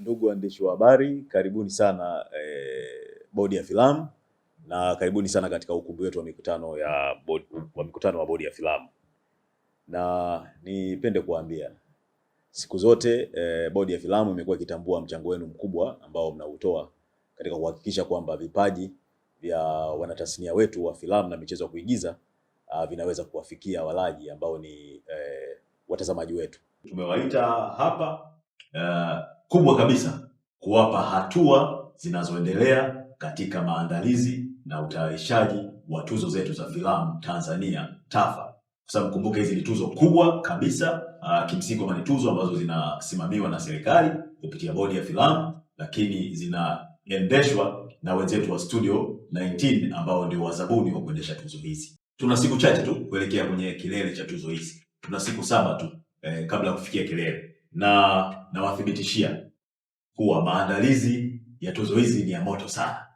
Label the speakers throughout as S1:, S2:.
S1: Ndugu waandishi wa habari, karibuni sana e, bodi ya filamu na karibuni sana katika ukumbi wetu wa mikutano ya bodi, wa mikutano wa bodi ya filamu. Na nipende kuambia siku zote e, bodi ya filamu imekuwa ikitambua mchango wenu mkubwa ambao mnautoa katika kuhakikisha kwamba vipaji vya wanatasnia wetu wa filamu na michezo ya kuigiza a, ah, vinaweza kuwafikia walaji ambao ni e, watazamaji wetu.
S2: Tumewaita hapa uh, kubwa kabisa kuwapa hatua zinazoendelea katika maandalizi na utayarishaji wa tuzo zetu za filamu Tanzania TAFA, kwa sababu kumbuka hizi ni tuzo kubwa kabisa ah, kimsingi, kwamba ni tuzo ambazo zinasimamiwa na serikali kupitia bodi ya filamu, lakini zinaendeshwa na wenzetu wa Studio 19 ambao ndio wazabuni wa kuendesha tuzo hizi. Tuna siku chache tu kuelekea kwenye kilele cha tuzo hizi, tuna siku saba tu eh, kabla ya kufikia kilele na nawathibitishia kuwa maandalizi ya tuzo hizi ni ya moto sana.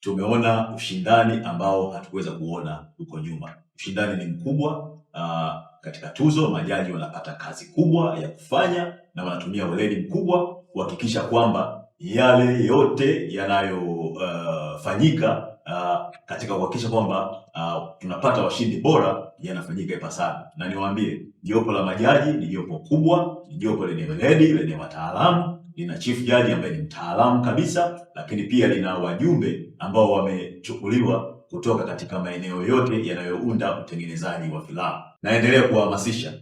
S2: Tumeona ushindani ambao hatukuweza kuona huko nyuma. Ushindani ni mkubwa uh, katika tuzo majaji wanapata kazi kubwa ya kufanya na wanatumia weledi mkubwa kuhakikisha kwamba yale yote yanayofanyika uh, uh, katika kuhakikisha kwamba uh, tunapata washindi bora yanafanyika ipasavyo, na niwaambie, jopo la majaji ni jopo kubwa, ni jopo lenye weledi, lenye wataalamu lina chief jaji ambaye ni mtaalamu kabisa, lakini pia lina wajumbe ambao wamechukuliwa kutoka katika maeneo yote yanayounda utengenezaji wa filamu. Naendelea kuwahamasisha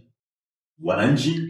S2: wananchi,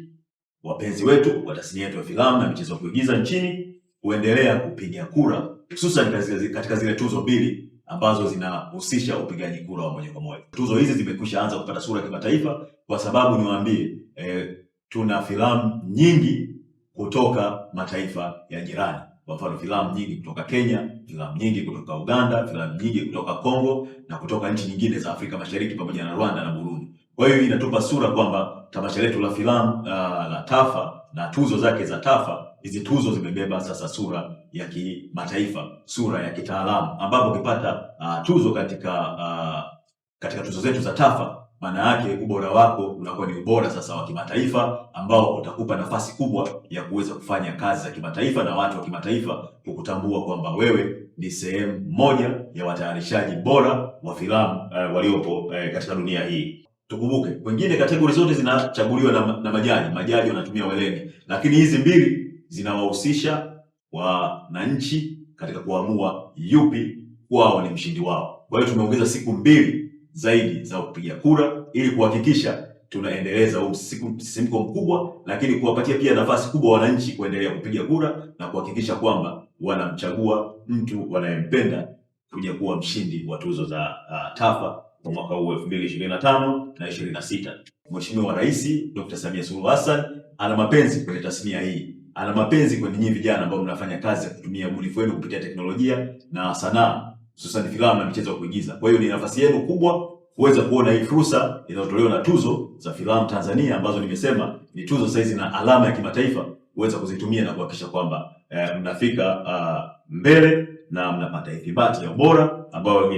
S2: wapenzi wetu wa tasnia yetu ya filamu na michezo ya kuigiza nchini kuendelea kupiga kura, hususan katika zile tuzo mbili ambazo zinahusisha upigaji kura wa moja kwa moja. Tuzo hizi zimekwisha anza kupata sura ya kimataifa, kwa sababu niwaambie, e, tuna filamu nyingi kutoka mataifa ya jirani. Kwa mfano, filamu nyingi kutoka Kenya, filamu nyingi kutoka Uganda, filamu nyingi kutoka Kongo na kutoka nchi nyingine za Afrika Mashariki pamoja na Rwanda na Burundi. Kwa hiyo inatupa sura kwamba tamasha letu la filamu uh, la, TAFA na tuzo zake za TAFA. Hizi tuzo zimebeba sasa sura ya kimataifa, sura ya kitaalamu, ambapo ukipata uh, tuzo katika uh, katika tuzo zetu za TAFA, maana yake ubora wako unakuwa ni ubora sasa wa kimataifa, ambao utakupa nafasi kubwa ya kuweza kufanya kazi za kimataifa na watu wa kimataifa kukutambua kwamba wewe ni sehemu moja ya watayarishaji bora wa filamu uh, waliopo uh, katika dunia hii. Tukumbuke wengine kategori zote zinachaguliwa na, na majaji. Majaji wanatumia weleni lakini hizi mbili zinawahusisha wananchi katika kuamua yupi wao ni mshindi wao. Kwa hiyo tumeongeza siku mbili zaidi za kupiga kura ili kuhakikisha tunaendeleza huu msisimko mkubwa, lakini kuwapatia pia nafasi kubwa wananchi kuendelea kupiga kura na kuhakikisha kwamba wanamchagua mtu wanayempenda kuja kuwa mshindi wa tuzo za uh, Tafa kwa mwaka huu 2025 na 26. Mheshimiwa Rais Dr. Samia Suluhu Hassan ana mapenzi kwenye tasnia hii, ana mapenzi kwenye nyinyi vijana ambao mnafanya kazi ya kutumia ubunifu wenu kupitia teknolojia na sanaa, hususan filamu na michezo ya kuigiza. Kwa hiyo ni nafasi yenu kubwa kuweza kuona hii fursa inayotolewa na tuzo za filamu Tanzania ambazo nimesema ni tuzo saizi na alama ya kimataifa, kuweza kuzitumia na kuhakikisha kwamba eh, mnafika uh, mbele na mnapata ithibati ya ubora ambayo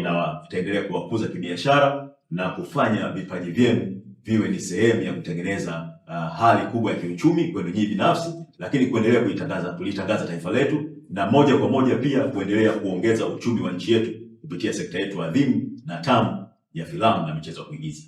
S2: itaendelea kuwakuza kibiashara na kufanya vipaji vyenu viwe ni sehemu ya kutengeneza uh, hali kubwa ya kiuchumi kwenu nyinyi binafsi, lakini kuendelea kuitangaza kulitangaza taifa letu na moja kwa moja pia kuendelea kuongeza uchumi wa nchi yetu kupitia sekta yetu adhimu na tamu ya filamu na michezo ya kuigiza.